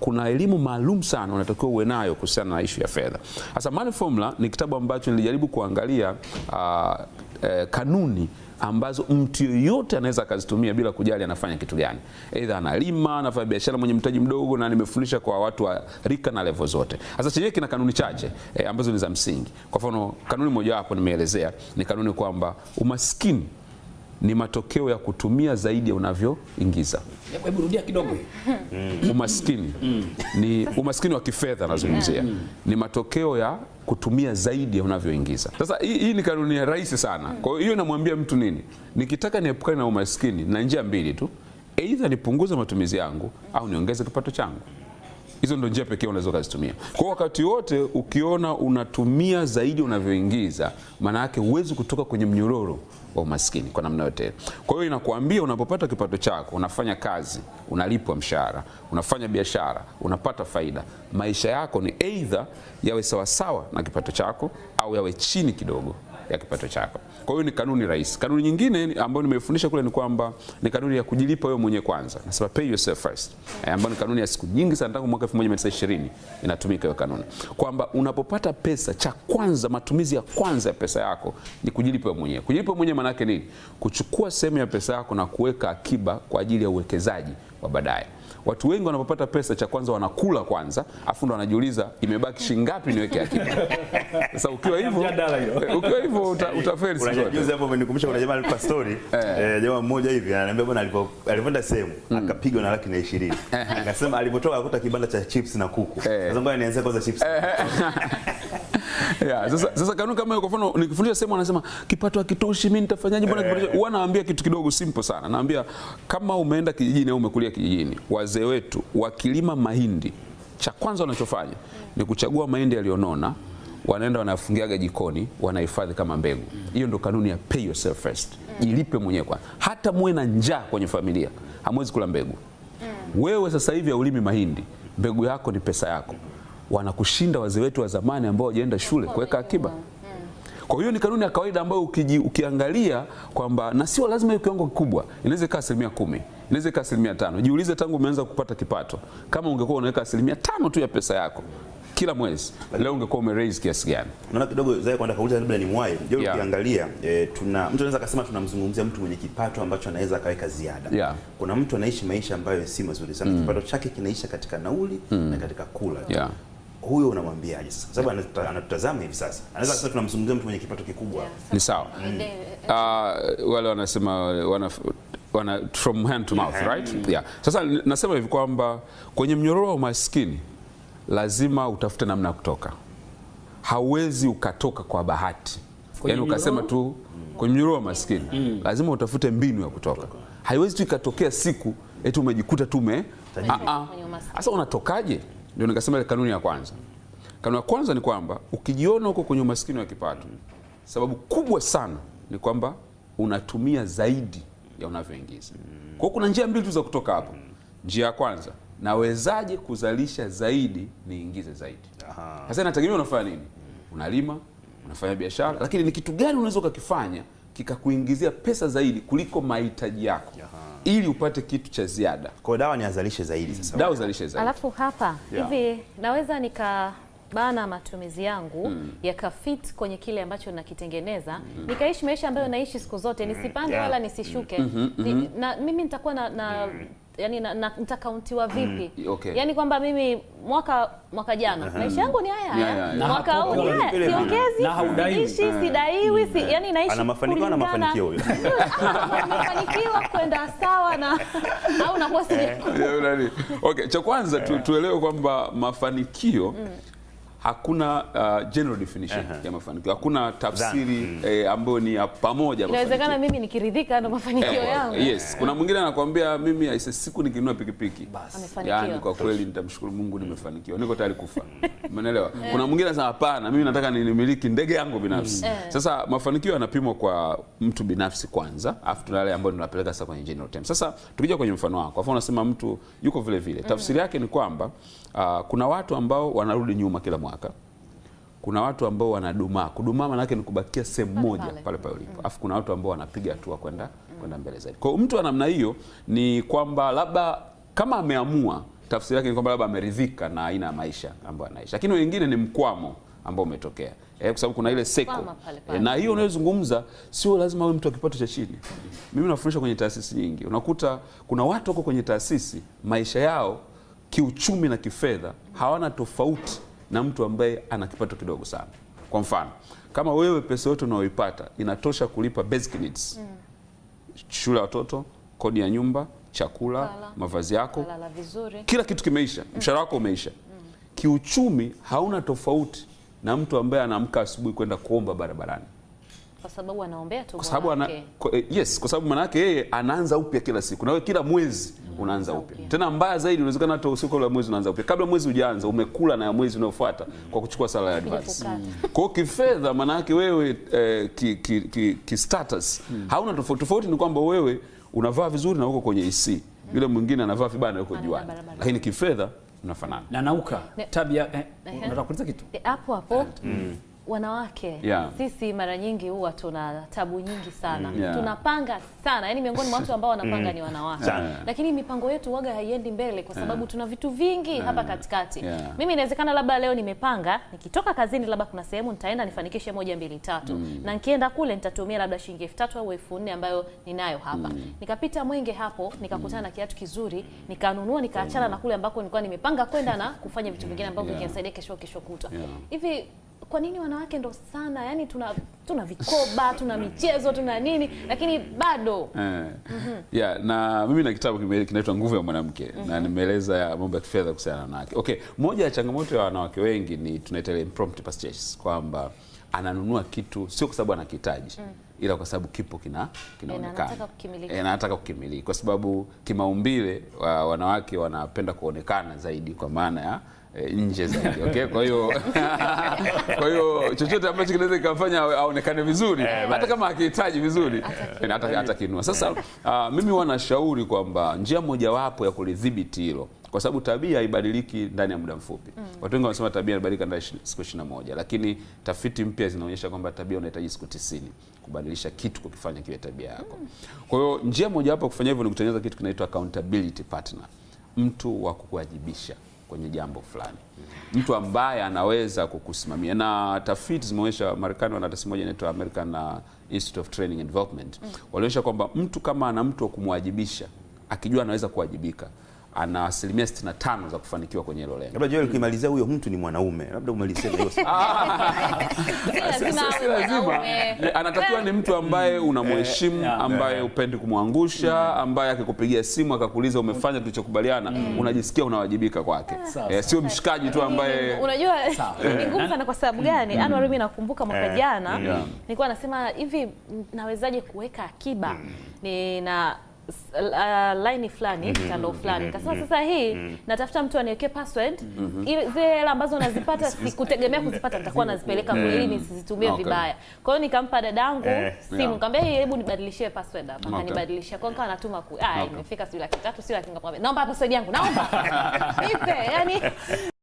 kuna elimu maalum sana unatakiwa uwe nayo kuhusiana na ishu ya fedha. Sasa Money Formula ni kitabu ambacho nilijaribu kuangalia uh, eh, kanuni ambazo mtu yoyote anaweza akazitumia bila kujali anafanya kitu gani, aidha analima, anafanya biashara mwenye mtaji mdogo, na nimefundisha kwa watu wa rika na levo zote. Sasa chenyewe kina kanuni chache eh, ambazo ni za msingi. Kwa mfano, kanuni mojawapo nimeelezea ni kanuni kwamba umaskini ni matokeo ya kutumia zaidi ya unavyoingiza. Hebu rudia kidogo. Mm. Umaskini mm. ni umaskini wa kifedha nazungumzia, mm. ni matokeo ya kutumia zaidi ya unavyoingiza. Sasa hii, hii ni kanuni ya rahisi sana. Kwa hiyo hiyo namwambia mtu nini? Nikitaka niepukane na umaskini na njia mbili tu, aidha nipunguze matumizi yangu au niongeze kipato changu. Hizo ndio njia pekee unaweza ukazitumia. Kwa wakati wote ukiona unatumia zaidi unavyoingiza, maana yake huwezi kutoka kwenye mnyororo wa umaskini kwa namna yote. Kwa hiyo inakuambia unapopata kipato chako, unafanya kazi, unalipwa mshahara, unafanya biashara, unapata faida, maisha yako ni aidha yawe sawasawa na kipato chako au yawe chini kidogo ya kipato chako. Kwa hiyo ni kanuni rahisi. Kanuni nyingine ambayo nimefundisha kule ni kwamba ni kanuni ya kujilipa wewe mwenyewe kwanza, nasema pay yourself first, eh, ambayo ni kanuni ya siku nyingi sana, tangu mwaka 1920 inatumika hiyo kanuni, kwamba unapopata pesa, cha kwanza, matumizi ya kwanza ya pesa yako ni kujilipa wewe mwenyewe. Kujilipa mwenyewe maana yake nini? Kuchukua sehemu ya pesa yako na kuweka akiba kwa ajili ya uwekezaji wa baadaye watu wengi wanapopata pesa, cha kwanza wanakula kwanza, afu ndo wanajiuliza imebaki shilingi ngapi niweke akiba. Sasa ukiwa hivyo ukiwa hivyo uta, utafeli. Unajua hapo umenikumbusha, kuna jamaa alikuwa story eh, eh jamaa mmoja hivi ananiambia, bwana alipo alipenda sehemu hmm. akapigwa na laki na 20 akasema alipotoka akakuta kibanda cha chips na kuku. Eh. Sasa ngoja nianze kwanza chips eh. yeah, sasa sasa kanuni kama kwa mfano nikifundisha sehemu anasema kipato hakitoshi mimi nitafanyaje Mbona eh. kipato huwa naambia kitu kidogo simple sana. Naambia kama umeenda kijijini au umekulia kijijini, wazee wetu wakilima mahindi, cha kwanza wanachofanya ni kuchagua mahindi yaliyonona wanaenda wanafungiaga jikoni wanahifadhi kama mbegu. Hiyo ndo kanuni ya pay yourself first, jilipe mwenyewe kwanza. Hata muwe na njaa kwenye familia, hamwezi kula mbegu. Mm. Wewe sasa hivi haulimi mahindi, mbegu yako ni pesa yako wanakushinda wazee wetu wa zamani ambao wajaenda shule kuweka akiba. Kwa hiyo ni kanuni ya kawaida ambayo ukiji, ukiangalia kwamba na sio lazima hiyo kiwango kikubwa, inaweza ikawa asilimia kumi, inaweza ikawa asilimia tano. Jiulize tangu umeanza kupata kipato, kama ungekuwa unaweka asilimia tano tu ya pesa yako kila mwezi leo ungekuwa ume raise kiasi gani? Unaona kidogo zaidi kwenda kauliza labda ni mwai. Je, yeah. Ukiangalia e, tuna mtu anaweza akasema tunamzungumzia mtu mwenye kipato ambacho anaweza akaweka ziada. Yeah. Kuna mtu anaishi maisha ambayo si mazuri sana. Mm. Kipato chake kinaisha katika nauli mm. na katika kula. Yeah huyo unamwambiaje sasa? Sababu yeah. anatutazama hivi sasa, anaweza sasa tunamzungumzia mtu mwenye kipato kikubwa. Ni sawa. Mm. Eh, eh, ah, wale wanasema wana wana from hand to mouth yeah. right yeah. Sasa nasema hivi kwamba kwenye mnyororo wa umaskini lazima utafute namna ya kutoka, hauwezi ukatoka kwa bahati, yani ukasema tu kwenye mnyororo wa maskini mm. lazima utafute mbinu ya kutoka, haiwezi tu ikatokea siku eti umejikuta tume. Ah, ah. Sasa unatokaje? Ndio nikasema kanuni ya kwanza. Kanuni ya kwanza ni kwamba ukijiona huko kwenye umaskini wa kipato, sababu kubwa sana ni kwamba unatumia zaidi ya unavyoingiza. Kwa hiyo kuna njia mbili tu za kutoka hapo. Njia ya kwanza, nawezaje kuzalisha zaidi niingize zaidi? Sasa inategemea unafanya nini, unalima, unafanya biashara, lakini ni kitu gani unaweza ukakifanya kikakuingizia pesa zaidi kuliko mahitaji yako ili upate kitu cha ziada. Kwa dawa ni azalishe zaidi sasa. Dawa azalishe zaidi. Alafu hapa yeah. hivi naweza nikabana matumizi yangu mm. yakafit kwenye kile ambacho nakitengeneza mm. nikaishi maisha ambayo naishi siku zote hmm. nisipande yeah. wala nisishuke mm -hmm, mm -hmm. Ni, na, mimi nitakuwa na, na mm yani nitakauntiwa mm. vipi? okay. Yani kwamba mimi mwaka mwaka jana uh -huh. maisha yangu ni haya haya, mwaka huu ni haya, siongezi, siishi, mm. sidaiwi, si mm. yani naishi ana mafanikio na mafanikio huyo anafanikiwa kwenda sawa na au nakuwa sija. Yaani, okay, cha kwanza tuelewe kwamba mafanikio hakuna uh, general definition uh -huh. ya mafanikio, hakuna tafsiri mm. eh, ambayo ni ya pamoja. Inawezekana mimi nikiridhika ndo mafanikio yangu. Yes, eh. kuna mwingine anakuambia mimi aise, siku nikinunua pikipiki, yani, kwa kweli nitamshukuru Mungu, hmm. nimefanikiwa, niko tayari kufa umeelewa? Eh. Kuna mwingine anasema hapana, mimi nataka nimiliki ndege yangu binafsi hmm. eh. Sasa mafanikio yanapimwa kwa mtu binafsi kwanza, afu tuna yale ambayo tunapeleka sasa kwenye general term. Sasa tukija kwenye mfano wako, afu unasema mtu yuko vile vile, hmm. tafsiri yake ni kwamba uh, kuna watu ambao wanarudi nyuma kila mwaka, kuna watu ambao wanadumaa. Kudumaa maanake ni kubakia sehemu moja pale pale ulipo, mm. alafu kuna watu ambao wanapiga hatua kwenda mm. kwenda mbele zaidi. Kwa mtu wa namna hiyo ni kwamba labda kama ameamua, tafsiri yake ni kwamba labda ameridhika na aina ya maisha ambayo anaishi, lakini wengine ni mkwamo ambao umetokea eh, kwa sababu kuna ile seko pale. Eh, na hiyo unayozungumza sio lazima wewe mtu wa kipato cha chini. Mimi nafundisha kwenye taasisi nyingi, unakuta kuna watu wako kwenye taasisi maisha yao kiuchumi na kifedha hawana tofauti na mtu ambaye ana kipato kidogo sana. Kwa mfano, kama wewe pesa yote unayoipata inatosha kulipa basic needs. Mm. Shule ya watoto, kodi ya nyumba, chakula, mavazi yako, kila kitu kimeisha, mm. mshahara wako umeisha. Mm. Kiuchumi hauna tofauti na mtu ambaye anaamka asubuhi kwenda kuomba barabarani kwa sababu anaombea tu kwa sababu ana, kwa, eh, yes, kwa sababu yake yeye anaanza upya kila siku, wewe kila mwezi mm. unaanza upya okay. Tena mbaya zaidi, unawezekana hata usiku la mwezi unaanza upya, kabla mwezi hujaanza umekula na ya mwezi unaofuata mm. kwa kuchukua sala ya advance. Mm. Kwa hiyo kifedha, yake wewe eh, ki, ki, ki, ki status hmm. hauna tofauti. Tofauti ni kwamba wewe unavaa vizuri na uko kwenye IC, yule mwingine anavaa vibaya uko juani, lakini kifedha mnafanana na nauka tabia. Eh, unataka kuuliza kitu eh, hapo hapo wanawake yeah. Sisi mara nyingi huwa tuna tabu nyingi sana mm, yeah. Tunapanga sana yani, miongoni mwa watu ambao wanapanga mm. ni wanawake yeah. Lakini mipango yetu waga haiendi mbele kwa sababu yeah. Tuna vitu vingi yeah. Hapa katikati yeah. Mimi inawezekana labda leo nimepanga nikitoka kazini, labda kuna sehemu nitaenda nifanikishe moja mbili tatu mm. Na nikienda kule nitatumia labda shilingi elfu tatu au elfu nne ambayo ninayo hapa mm. Nikapita Mwenge hapo nikakutana na mm. kiatu kizuri nikanunua, nikaachana mm. na kule ambako nilikuwa nimepanga kwenda na kufanya vitu vingine ambavyo yeah. Vingenisaidia kesho kesho kutwa yeah. hivi kwa nini wanawake ndo sana yani tuna tuna vikoba tuna michezo tuna nini lakini bado eh. mm -hmm. yeah, na mimi na kitabu kinaitwa nguvu ya mwanamke mm -hmm. na mhm. nimeeleza mambo ya kifedha kuhusiana na wanawake okay moja ya changamoto ya wanawake wengi ni tunaita ile impromptu purchases kwamba ananunua kitu sio kwa sababu anakihitaji mm. ila kwa sababu kipo kina kinaonekana e, anataka kukimiliki eh, kwa sababu kimaumbile wa, wanawake wanapenda kuonekana zaidi kwa maana ya e, nje zaidi okay? kwa hiyo kwa hiyo chochote ambacho kinaweza kikamfanya aonekane vizuri yeah, hata kama akihitaji vizuri hata yeah, kinua sasa uh, mimi wanashauri kwamba njia mojawapo ya kulidhibiti hilo kwa sababu tabia haibadiliki ndani ya muda mfupi. Mm. Watu wengi wanasema tabia inabadilika ndani ya siku ishirini moja, lakini tafiti mpya zinaonyesha kwamba tabia unahitaji siku tisini kubadilisha kitu kukifanya kiwe tabia yako. Mm. Kwa hiyo njia moja ya kufanya hivyo ni kutengeneza kitu kinaitwa accountability partner, mtu wa kukuwajibisha kwenye jambo fulani, mtu ambaye anaweza kukusimamia. Na tafiti zimeonyesha, Marekani wana taasisi moja inaitwa American uh, Institute of Training and Development, Mm. walionyesha kwamba mtu kama ana mtu wa kumwajibisha, akijua anaweza kuwajibika ana asilimia 65 za kufanikiwa kwenye hilo lengo. Labda Joel, ukimalizia huyo mtu ni mwanaume, labda umalizie hiyo. Lazima anatakiwa ni mtu ambaye unamheshimu, eh, ambaye upendi kumwangusha, mm. ambaye akikupigia simu akakuuliza umefanya tulichokubaliana, mm. unajisikia unawajibika kwake, eh, sio mshikaji tu mm. ambaye unajua ni ngumu sana. Kwa sababu gani? Anwar, mimi nakumbuka mwaka eh. jana nilikuwa nasema hivi, nawezaje kuweka akiba? Nina uh, line fulani mm -hmm. channel fulani mm -hmm. sasa hii mm -hmm. natafuta mtu aniwekee password mm -hmm. zile hela ambazo nazipata sikutegemea kuzipata nitakuwa nazipeleka mm -hmm. nisizitumie okay. vibaya. Kwa hiyo nikampa dadangu eh, simu yeah. hii hebu nibadilishie password hapa. Okay. Akanibadilishia kwa nikawa natuma ku ah okay. imefika sio laki tatu sio laki ngapi. Naomba password yangu naomba. ipe yani